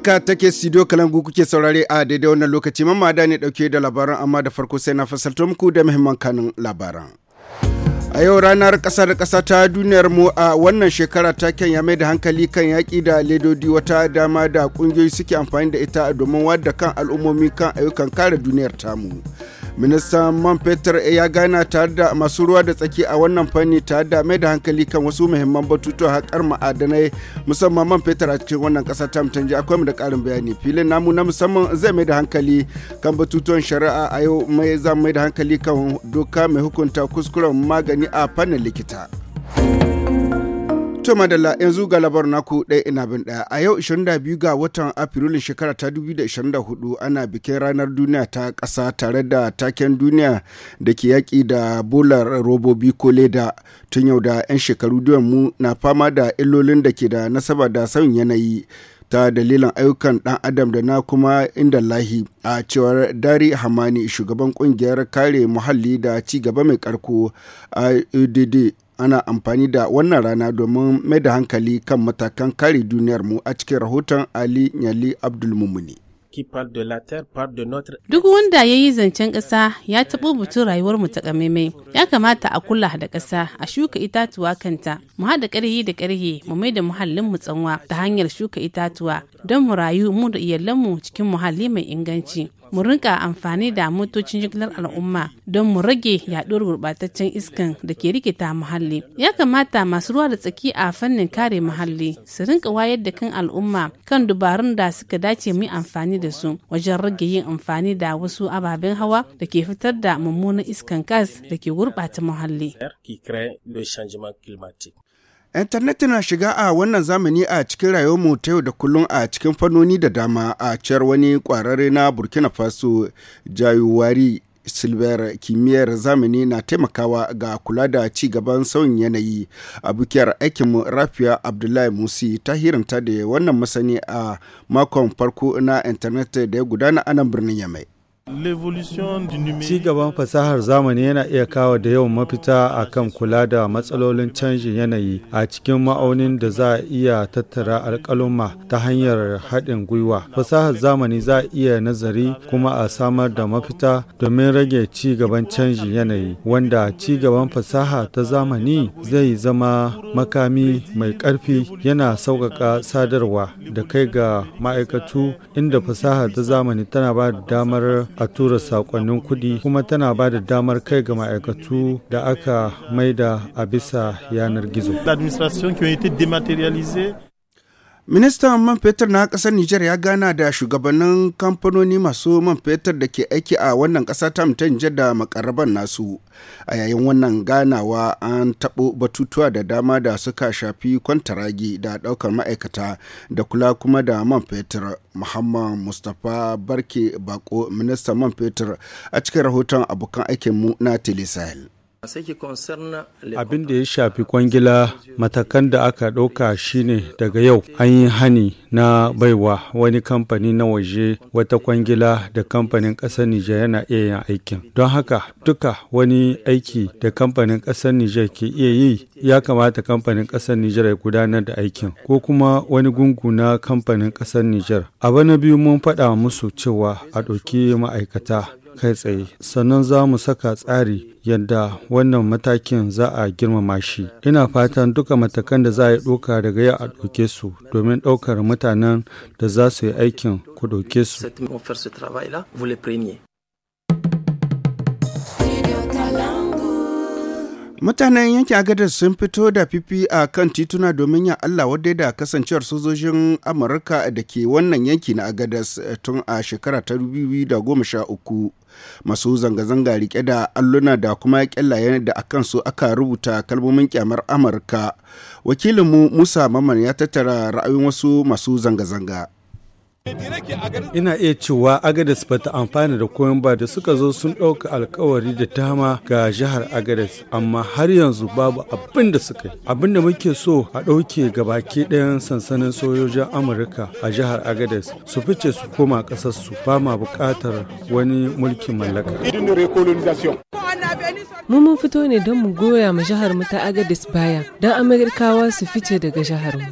Haka take studio kalangu kuke saurare a daidai wannan lokaci mamada ne dauke da labaran amma da farko sai na fasalto muku da muhimman kanin labaran. a yau ranar kasar kasa ta duniyar mu a wannan shekara ta ya mai da hankali kan yaƙi da ledodi wata dama da ƙungiyoyi suke amfani da ita domin wadda kan al'ummomi kan ayyukan kare duniyar tamu ministan man fetur ya gana tare da masu ruwa da tsaki a wannan fanni tare da mai da hankali kan wasu muhimman batutuwa haƙar ma'adanai musamman man fetur a cikin wannan ƙasa ta mutanji akwai mu da ƙarin bayani filin namu na musamman zai mai da hankali kan batutuwan shari'a a yau mai mai da hankali kan doka mai hukunta kuskuren magani malami a fannin likita. To madalla yanzu ga labar naku ɗaya ina bin ɗaya a yau 22 ga watan Afrilun shekara ta 2024 ana bikin ranar duniya ta ƙasa tare da taken duniya da ke yaƙi da bolar robobi ko leda tun yau da 'yan shekaru mu na fama da illolin da ke da nasaba da sauyin yanayi. ta dalilan ayyukan dan adam da na kuma inda lahi a cewar dari hamani shugaban kungiyar kare muhalli da ci gaba mai karko a udd e ana amfani da wannan rana domin mai da hankali kan matakan kare duniyar mu a cikin rahoton ali nyali abdulmumuni Duk wanda ya yi zancen ƙasa ya taɓo butun rayuwarmu ta ƙamaimai. Ya kamata a kula da ƙasa, a shuka itatuwa kanta, mu haɗa ƙarhi da ƙarhe mu mai da muhallin mu tsanwa ta hanyar shuka itatuwa don mu rayu mu da iyalanmu cikin muhalli mai inganci. mu rinka amfani da motocin jigilar al'umma don mu rage yaɗuwar gurɓataccen iskan da ke rikita muhalli ya kamata masu ruwa da tsaki a fannin kare muhalli su rinka wayar da kan al'umma kan dubarun da suka dace mu amfani da su wajen rage yin amfani da wasu ababen hawa da ke fitar da mummunan iskan gas da ke gurɓata muhalli. Intanet na shiga a wannan zamani a cikin rayuwarmu ta yau da kullum a cikin fannoni da dama a ciyar wani kwararre na Burkina Faso Jayuwari silver kimiyyar zamani na taimakawa ga kula da ci gaban sauyin yanayi a bukiyar aikinmu rafiya abdullahi musi ta hirinta da wannan masani a makon farko na intanet da ya gudana anan birnin yamai Ci gaban fasahar zamani yana iya kawo da yawan mafita a kan kula da matsalolin canjin yanayi a cikin ma'aunin da za a iya tattara alƙaluma ta hanyar haɗin gwiwa. Fasahar zamani za a iya nazari kuma a samar da mafita domin rage ci gaban canjin yanayi wanda ci gaban fasaha ta zamani zai zama makami mai ƙarfi yana sauƙaƙa sadarwa da kai ga ma'aikatu inda fasaha ta zamani tana ba da damar a tura sakonnin kuɗi kuma tana ba da damar kai ga ma'aikatu da aka maida a bisa yanar gizo. Ministan man fetur na kasar Nijar ya gana da shugabannin kamfanoni masu man fetur da ke aiki a wannan kasa ta ta Nijar da makarraban nasu. A yayin wannan ganawa an taɓo batutuwa da dama da suka shafi kwantaragi da ɗaukar ma'aikata da kula kuma da man fetur. Muhammad Mustapha Barke Bako minista man fetur a cikin rahoton abokan aikinmu na Telesahel. Abin da ya shafi kwangila matakan da aka ɗauka shine daga yau an yi hani na baiwa wani kamfani na waje wata kwangila da kamfanin ƙasar Nijar yana iya yin aikin. Don haka duka wani aiki da kamfanin ƙasar Nijar ke iya yi ya kamata kamfanin ƙasar Nijar ya gudanar da aikin ko kuma wani gungu na kamfanin ƙasar Nijar. Abu na biyu mun faɗa musu cewa a ɗauki ma'aikata kai tsaye sannan za mu saka tsari yadda wannan matakin za a girmama shi ina fatan duka matakan da za a yi ɗauka daga yau a ɗauke su domin ɗaukar mutanen da za su yi aikin ku ɗauke su Mutanen yankin Agada sun fito da fifi a kan tituna domin yin Allah wadda da kasancewar sojojin Amurka da ke wannan yanki na Gadas eh, tun a shekara ta 2013. Masu zanga-zanga rike da alluna da kuma kyallayen da a kansu aka rubuta kalmomin kyamar Amurka. Wakilinmu Musa Maman ya tattara ra'ayin wasu masu zanga-zanga. Ina iya cewa Agadas ba ta amfana da koyon ba da suka zo sun ɗauka alkawari da dama ga jihar Agadas amma har yanzu babu abin da suka yi. Abin da muke so a ɗauke gabaki ɗayan sansanin sojojin Amurka a jihar Agadas su fice su koma ƙasarsu ba ma buƙatar wani mulkin mallaka. Mu mun fito ne don mu goya ma jihar mu ta Agadis baya don Amerikawa su fice daga jihar mu.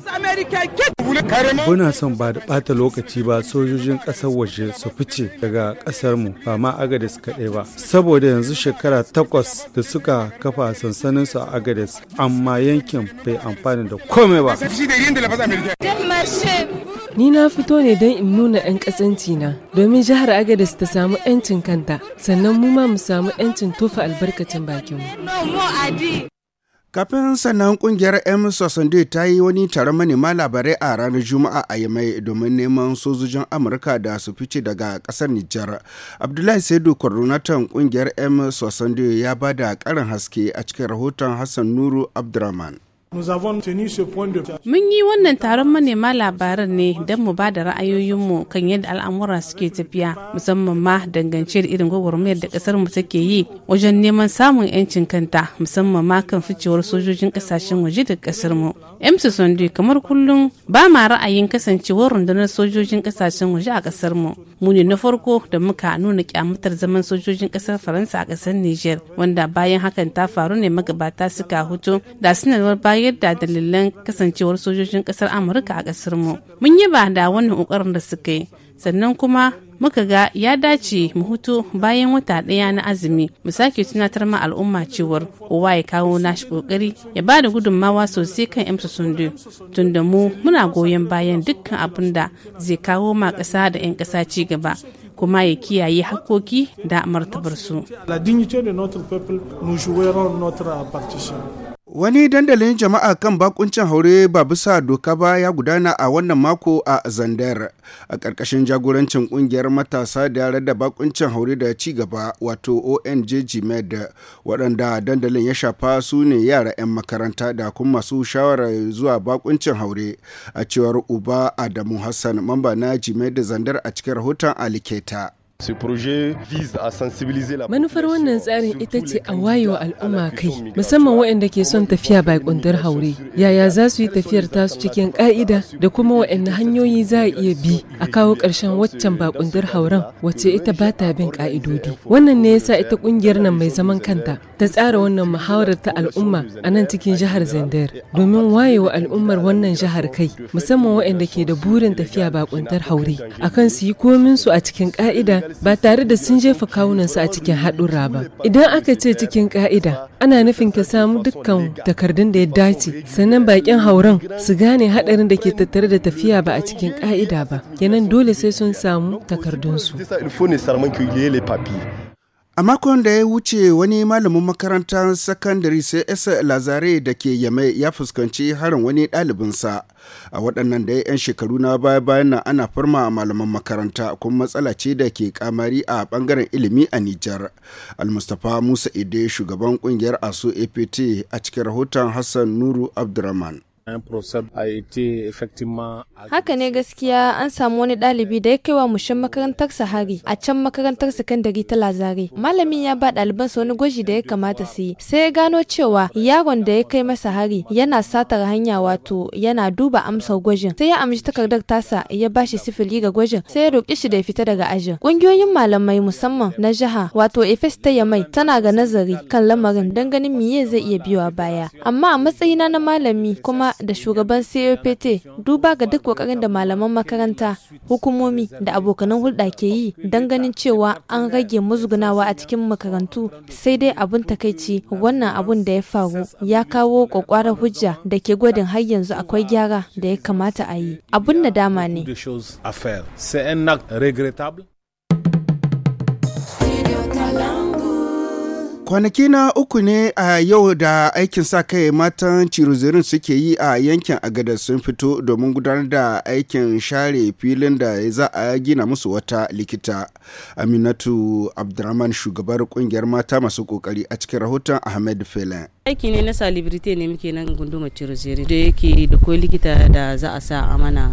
Muna son ba da bata lokaci ba sojojin ƙasar waje su fice daga ƙasar mu ba ma Agadis kaɗai ba. Saboda yanzu shekara takwas da suka kafa sansanin su a Agadis amma yankin bai amfani da komai ba. Ni na fito ne don in nuna 'yan ƙasanci na domin jihar agadis ta samu 'yancin kanta sannan mu ma mu samu 'yancin tofa albarkacin bakinmu. Kafin sannan kungiyar m Sunday ta yi wani taron manema labarai a ranar Juma'a a Yamai domin neman sojojin Amurka da su fice daga kasar Nijar. Abdullahi Saidu Kwarunatan kungiyar m Sunday ya ba da karin haske a cikin rahoton Hassan Nuru Abdurrahman. Mun yi wannan taron manema labaran ne don mu ba da ra'ayoyinmu kan yadda al'amura suke tafiya musamman ma dangance da irin gwagwarmayar da kasar mu take yi wajen neman samun 'yancin kanta musamman ma kan ficewar sojojin kasashen waje da kasar mu. MC Sunday kamar kullum ba ma ra'ayin kasancewar rundunar sojojin kasashen waje a kasar mu. Mu ne na farko da muka nuna kyamatar zaman sojojin kasar Faransa a kasar Niger wanda bayan hakan ta faru ne magabata suka hutu da sanarwar bayan yadda dalilan kasancewar sojojin kasar amurka a kasar mu mun yi ba da wannan kokarin da suka yi sannan kuma muka ga ya dace mu hutu bayan wata ɗaya na azumi mu sake tunatar ma al'umma cewar kowa ya kawo nashi kokari ya ba da gudunmawa sosai kan emsa sundu tunda mu muna goyon bayan dukkan abin da zai kawo ma kasa da 'yan ƙasa ci gaba kuma ya kiyaye hakoki da martabarsu. La dignité Wani dandalin jama'a kan bakuncin haure ba bisa doka ba ya gudana a wannan mako a Zandar a ƙarƙashin jagorancin ƙungiyar matasa da yare da bakuncin haure da ci gaba wato ONG Med waɗanda dandalin ya shafa su ne yara 'yan makaranta da kuma masu shawara zuwa bakuncin haure a cewar Uba Adamu Hassan mamba na GMED Zandar a cikin rahoton Aliketa. Manufar wannan tsarin ita ce a wayewa al'umma kai, musamman waɗanda ke son tafiya bai kundar haure. Yaya za su yi tafiyar tasu cikin ƙa'ida da kuma waɗanne hanyoyi za a iya bi a kawo ƙarshen waccan kundar hauren wacce ita ba ta bin ƙa'idodi. Wannan ne yasa ita ƙungiyar nan mai zaman kanta ta tsara wannan muhawarar ta al'umma a nan cikin jihar Zandar domin wayewa al'ummar wannan jihar kai, musamman waɗanda ke da burin tafiya kundar haure, akan su yi komin su a cikin ƙa'ida ba tare da sun jefa kawunansu a cikin haɗura ba idan aka ce cikin ka'ida ana nufin ka samu dukkan takardun da ya dace sannan bakin hauren su gane haɗarin da ke tattare da tafiya ba a cikin ka'ida ba kenan dole sai sun samu takardunsu A makon da ya wuce wani malamin makarantar sakandare sai Esa Lazare da ke Yame ya fuskanci harin wani ɗalibinsa. A waɗannan da 'yan shekaru na baya bayan nan ana farma a malaman makaranta kuma matsala ce da ke kamari a ɓangaren ilimi a Nijar. Almustapha Musa Ide shugaban ƙungiyar ASU APT a cikin rahoton Hassan Nuru Abdurrahman. Haka ne gaskiya an samu wani ɗalibi da ya kai wa mushin sa hari a can makarantar sakandare ta Lazare. Malamin ya ba ɗalibansa wani gwaji da ya kamata su yi. Sai ya gano cewa yaron da ya kai masa hari yana satar hanya wato yana duba amsar gwajin. Sai ya amshi takardar tasa ya ba shi sifili ga gwajin sai ya roƙi shi da ya fita daga ajin. Ƙungiyoyin malamai musamman na jiha wato Efes ta Yamai tana ga nazari kan lamarin don ganin miye zai iya biyowa baya. Amma a matsayina na malami kuma da shugaban COPT duba ga duk kokarin da malaman makaranta, hukumomi da abokanan hulɗa ke yi don ganin cewa an rage muzgunawa a cikin makarantu sai dai abun takaici wannan abun da ya faru ya kawo kwakwarar hujja da ke gwadin har yanzu akwai gyara da ya kamata a yi. Abun dama ne. Kwanaki na uku ne a yau da aikin sa kai matan cirozirin suke yi a yankin agada sun fito domin gudanar da aikin share filin da za a gina musu wata likita. Aminatu Abdurrahman shugabar kungiyar mata masu kokari a cikin rahoton Ahmed Felen. aiki ne na salibirite ne muke nan gundumar cirozirin da yake da likita da za a sa amana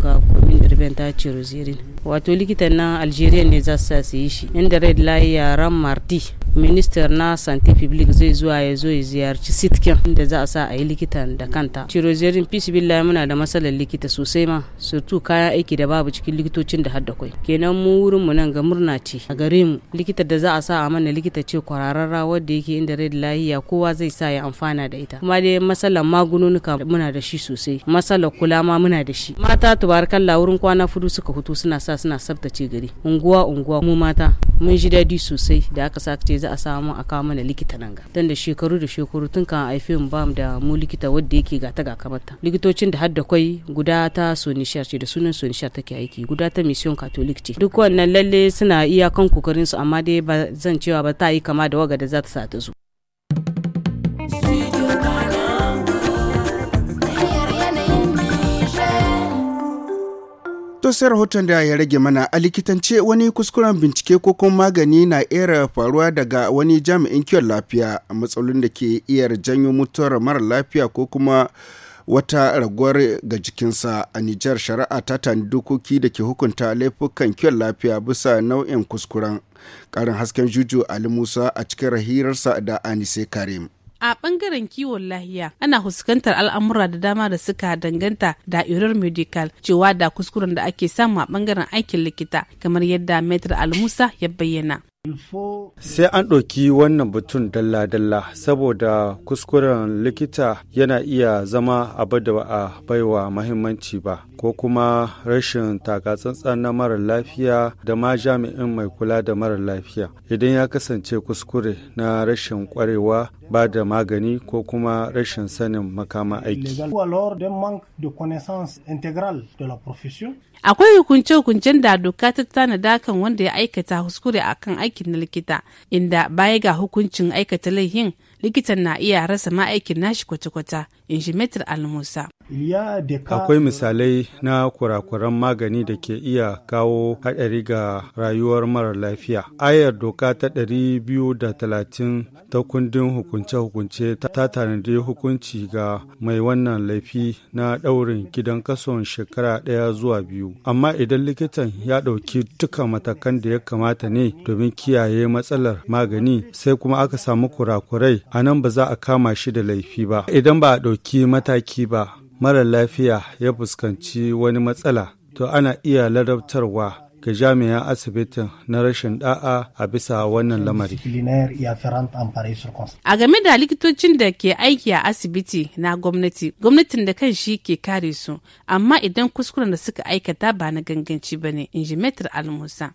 ga komin irben ta cirozirin wato likita na algeria ne za su yi shi inda red lai yaran marti minister na santé publique zai zuwa ya zo ya ziyarci sitkin inda za a sa a yi likitan da kanta cirozirin bismillah muna da matsalar likita sosai ma surtu kaya aiki da babu cikin likitocin da hadda kwai kenan mu wurin mu nan ga murna ce a gare mu likita da za a sa a mana likita ce kwararra wadda yake inda red lahiya kowa zai sa ya amfana da ita kuma dai matsalar magununuka muna da shi sosai matsalar kula ma muna da shi mata tabarakalla wurin kwana fudu suka hutu suna sa suna tsabtace gari unguwa unguwa mu mata mun ji daɗi sosai da aka sa ce za a samu a kawo mana likita nan ga dan da shekaru da shekaru tun kan haife mu bamu da mu likita wanda yake ga ta ga kamata likitocin da har da kwai guda ta sonishar ce da sunan sonishar take aiki guda ta mission catholic ce duk wannan lalle suna iyakan kokarin su amma dai ba zan cewa ba ta yi kama da waga da za ta sa ta zo to rahoton da ya rage mana a likitance wani kuskuren bincike ko kuma magani na era faruwa daga wani jami'in kiwon lafiya a matsalolin da ke iya janyo mutuwar mara lafiya ko kuma wata raguwar ga jikinsa a Nijar shari'a ta tani dokoki da ke hukunta laifukan kiwon lafiya bisa nau'in kuskuren. Karin hasken juju Ali Musa a cikin rahirarsa da Anise Karim. A ɓangaren kiwon lahiya ana fuskantar al'amura da dama da suka danganta da medical cewa da kuskuren da ake samu a ɓangaren aikin likita kamar yadda Metro Almusa ya bayyana. Sai an ɗauki wannan batun dalla-dalla saboda kuskuren likita yana iya zama abu da a baiwa mahimmanci ba, ko kuma rashin takatsantsan na mara lafiya da ma jami'in mai kula da mara lafiya. Idan ya kasance kuskure na rashin kwarewa ba da magani ko kuma rashin sanin makama aiki. Akwai hukunce-hukuncen da doka ta tanada kan wanda ya aikata kuskure akan aiki. aikin na likita inda baya ga hukuncin aikata laihin likitan na iya rasa ma'aikin nashi kwata-kwata injimetar almusa akwai misalai na kurakuran magani da ke iya kawo haɗari ga rayuwar mara lafiya ayar doka ta ɗari biyu da talatin ta kundin hukunce-hukunce ta tanadi hukunci ga mai wannan laifi na ɗaurin gidan kason shekara ɗaya zuwa biyu amma idan likitan ya ɗauki duka matakan da ya kamata ne domin kiyaye matsalar magani sai kuma aka samu kurakurai a nan ba za a kama shi da laifi ba idan ba a ɗauki ɗauki mataki ba mara lafiya ya fuskanci wani matsala to ana iya ladabtarwa ga jami'an asibitin na rashin da'a a bisa wannan lamari. A game da likitocin da ke aiki a asibiti na gwamnati, gwamnatin da kan shi ke kare su, amma idan kuskuren da suka aikata ba na ganganci ba ne, in ji Metar Almusa.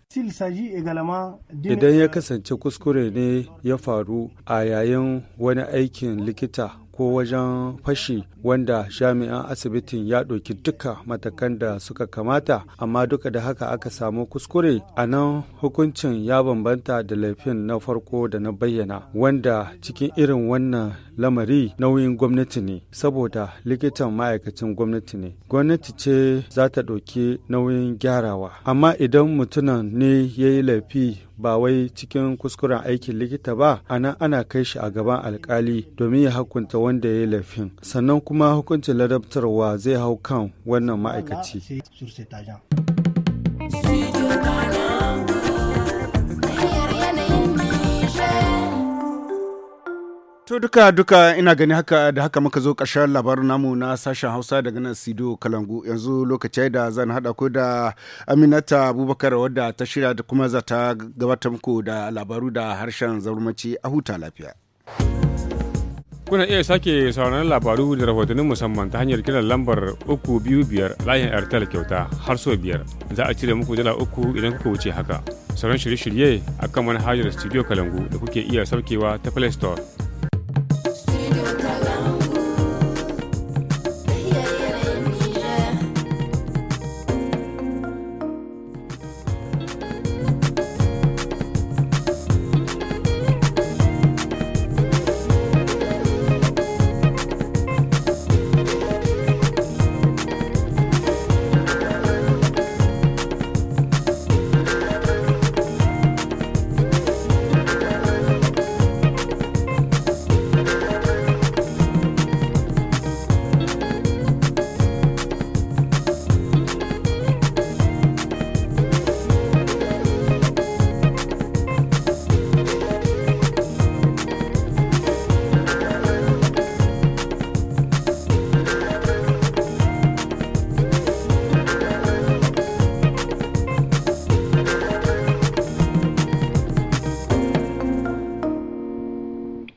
Idan ya kasance kuskure ne ya faru a yayin wani aikin likita ko wajen fashi wanda jami'an asibitin ya ɗauki duka matakan da suka kamata amma duka da haka aka samu kuskure a nan hukuncin ya bambanta da laifin na farko da na bayyana wanda cikin irin wannan lamari nauyin gwamnati ne saboda likitan ma'aikacin gwamnati ne gwamnati ce za ta ɗauki nauyin gyarawa amma idan mutumin ne ya yi laifi ba wai cikin kuskuren aikin likita ba a ana kai shi a gaban alkali domin ya hukunta wanda ya yi laifin sannan kuma hukuncin ladabtarwa zai hau kan wannan ma'aikaci To duka duka ina gani haka da haka muka zo ƙarshen labarin namu na sashen Hausa daga nan Sido Kalangu yanzu lokaci da zan hada ku da Aminata Abubakar wadda ta shirya da kuma za ta gabatar muku da labaru da harshen zaurmanci a huta lafiya. Kuna iya sake sauraron labaru da rahotannin musamman ta hanyar kiran lambar 325 layin Airtel kyauta har so biyar. Za a cire muku dala uku idan kuka wuce haka. Sauran shirye-shirye akan manhajar Studio Kalangu da kuke iya saukewa ta Play Store идет.